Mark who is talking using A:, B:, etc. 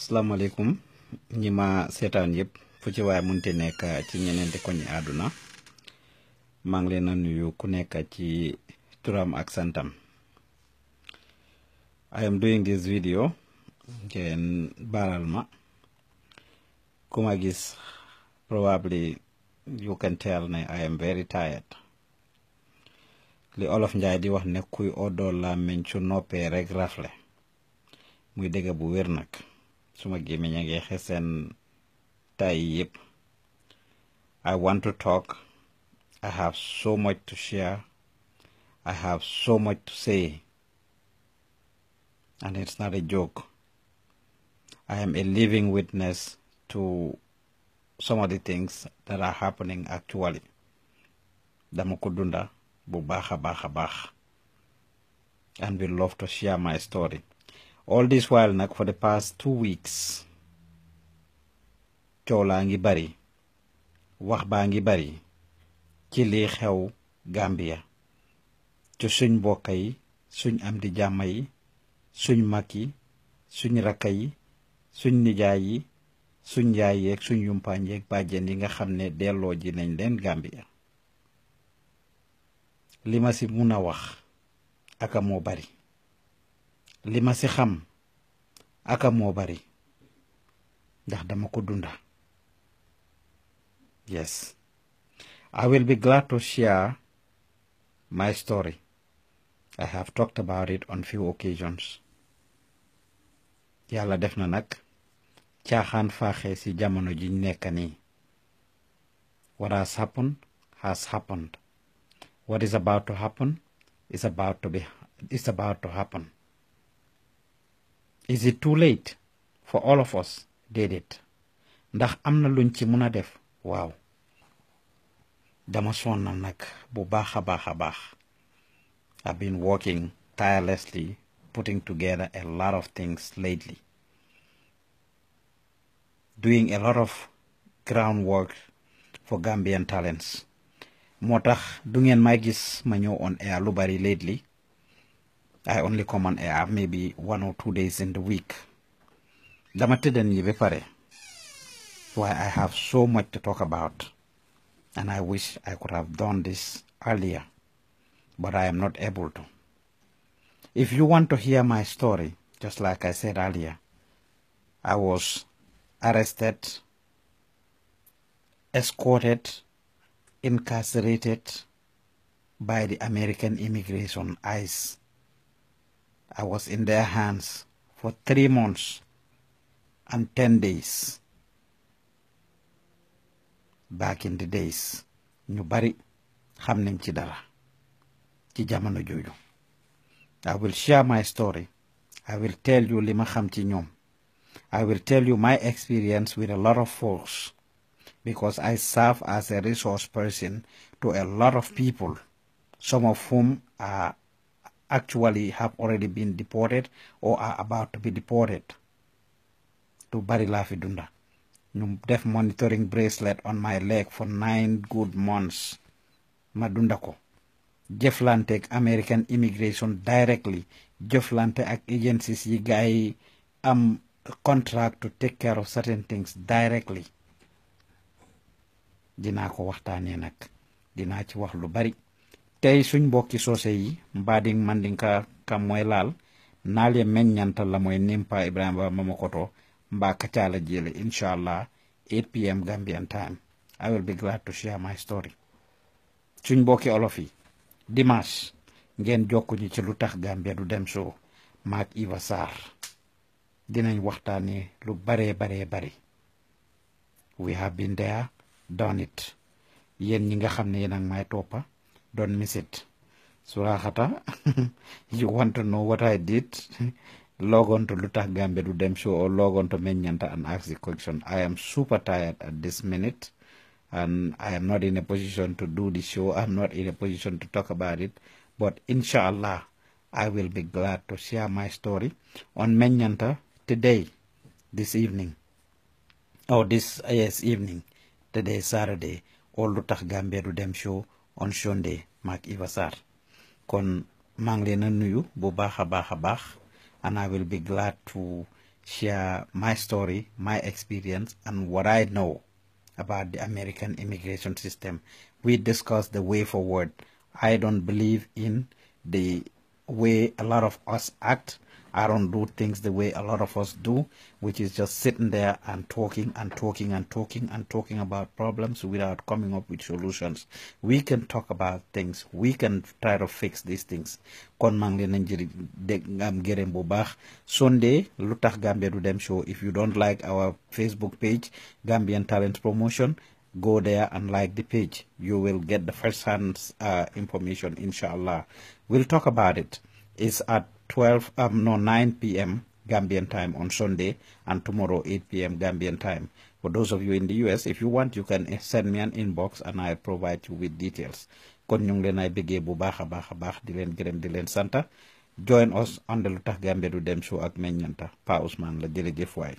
A: salaamaaleykum ñi ma seetaan yëpp fu ci waaye munti nekk ci ñeneenti koñi àdduna maa ngi leen a nuyu ku nekk ci turam ak santam I am doing this video ngeen baaral ma ku ma gis probably you can tell ne I am very tired li olof njaay di wax ne kuy oddoo làmmiñ su noppee rek rafle muy dëgg bu wér nag suma gémmiñ a ngi tay I want to talk I have so much to share I have so much to say and it's not a joke I am a living witness to some of the things that are happening actually dama ko dunda bu and we love to share my story all this while nak, for the past two weeks coow ngi bari wax ba ngi bari ci li xew Gambia ci suñ bokay suñ am di jamay suñ makki suñ rakay suñ nijaay suñ yaay yeeg suñ yumpañ yi nga xamne delo ji nañ len Gambia lima si muna wax aka mo bari li ma akan xam aka mo bari ndax dama ko dunda yes i will be glad to share my story i have talked about it on few occasions yàlla def na nag caaxaan faaxee ci jamono ji nekk nii what has happened has happened what is about to happen is about to be is about to happen is it too late for all of us déedéet ndax am na luñ ci mun a def waaw dama na nag bu baax a baax a baax I've been working tirelessly putting together a lot of things lately doing a lot of groundwork for Gambian talents moo tax du ngeen may gis ma ñëw on air lu bari lately I only come on air maybe one or two days in the week. Why I have so much to talk about. And I wish I could have done this earlier. But I am not able to. If you want to hear my story, just like I said earlier, I was arrested, escorted, incarcerated by the American immigration ICE I was in their hands for three months and ten days. back in the days ñu bari xam nañ ci dara ci jamono jooju I will share my story I will tell you lima ma xam ci ñoom I will tell you my experience with a lot of folks because I serve as a resource person to a lot of people some of whom are actually have already been deported or are about to be deported to Bari Lafidunda. ñu def monitoring bracelet on my leg for nine good months ma dunda ko jëflante ak American immigration directly jëflante ak agencies yi gars yi contract to take care of certain things directly dinaa ko waxtaanee nag dinaa ci wax lu bari Tay suñ bokki sosé yi mbaadin mandinka kam moy laal naal ye men ñanta la moy nimpa ba mama koto mba tiala jeele inshallah 8 pm gambian time i will be glad to share my story suñ bokki olof yi dimanche ngeen jokkuñu ci lu tax gambia du dem so mak iva sar dinañ lu bare bare bare we have been there done it yen ñi nga xamne ne topa. ak may topa don't miss it surahata you want to know what i did log on to Luta to dem Show or log on to Menyanta and ask the question. I am super tired at this minute and I am not in a position to do the show. I'm not in a position to talk about it. But inshallah, I will be glad to share my story on Menyanta today, this evening. or oh, this yes, evening. Today Saturday. All Luta to dem Show on maak Iba Sarr kon maa ngi leen a nuyu bu baax a baax and I will be glad to share my story my experience and what I know about the American immigration system we discuss the way forward I don't believe in the way a lot of us act I don't do things the way a lot of us do, which is just sitting there and talking and talking and talking and talking about problems without coming up with solutions. We can talk about things. We can try to fix these things. kon maa ngi leen nañ Sunday look at Gambia du show if you don't like our Facebook page Gambian Talent Promotion go there and like the page you will get the first hand uh, information inshallah we'll talk about it it's at 12, um, no, 9 p.m. Gambian time on Sunday and tomorrow 8 p.m. Gambian time. For those of you in the US, if you want, you can eh, send me an inbox and I'll provide you with details. santa join us on the Lu Gambia Du Dem Show ak meññanta Pa Ousmane la jërëjëf